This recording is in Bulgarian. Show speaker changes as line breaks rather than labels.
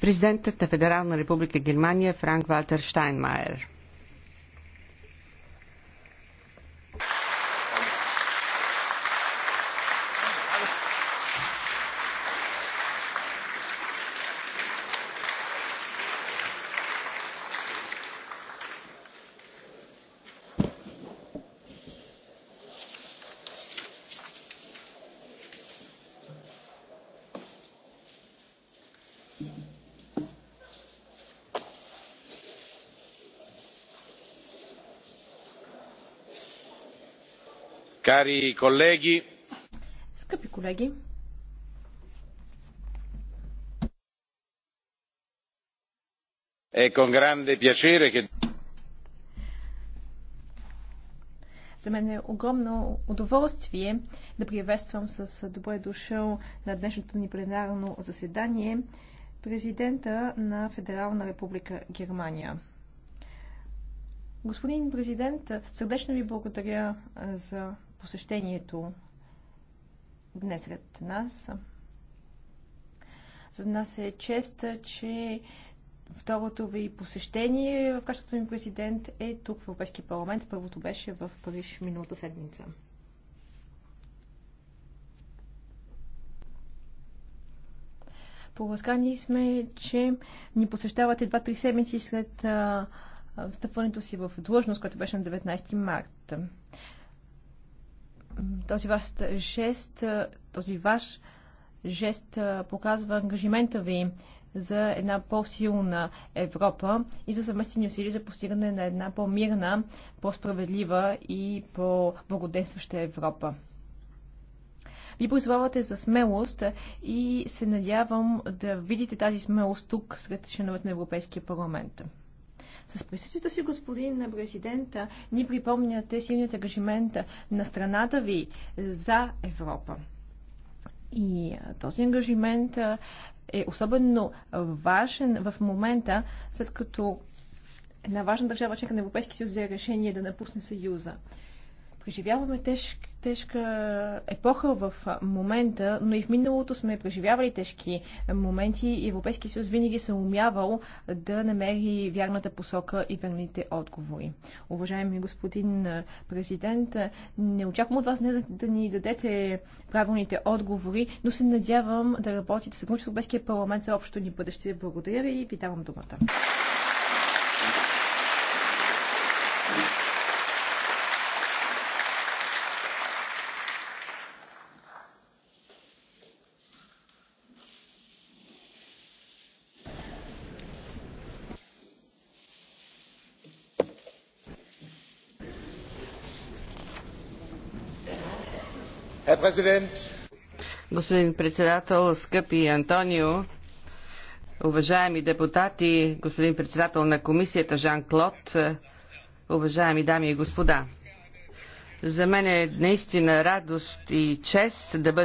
Президентът на Федерална република Германия Франк Валтер щайнмайер. Кари колеги! Скъпи колеги! con grande piacere che... За мен е огромно удоволствие да приветствам с добре дошъл на днешното ни пленарно заседание президента на Федерална република Германия. Господин президент, сърдечно ви благодаря за посещението днес сред нас. За нас е чест, че второто ви посещение в качеството ми президент е тук в Европейския парламент. Първото беше в Париж миналата седмица. Поласкани сме, че ни посещавате 2-3 седмици след а, встъпването си в длъжност, което беше на 19 март този ваш жест, този ваш жест показва ангажимента ви за една по-силна Европа и за съвместни усилия за постигане на една по-мирна, по-справедлива и по-благоденстваща Европа. Ви призовавате за смелост и се надявам да видите тази смелост тук сред членовете на Европейския парламент. С присъствието си, господин на президента, ни припомняте силният ангажимент на страната ви за Европа. И този ангажимент е особено важен в момента, след като една важна държава, чека на Европейския съюз, взе решение да напусне Съюза. Преживяваме тежки тежка епоха в момента, но и в миналото сме преживявали тежки моменти и Европейския съюз винаги се умявал да намери вярната посока и верните отговори. Уважаеми господин президент, не очаквам от вас не да ни дадете правилните отговори, но се надявам да работите с Европейския парламент за общото ни бъдеще. Благодаря ви и ви давам думата. Господин председател, скъпи Антонио, уважаеми депутати, господин председател на комисията Жан-Клод, уважаеми дами и господа. За мен е наистина радост и чест да бъда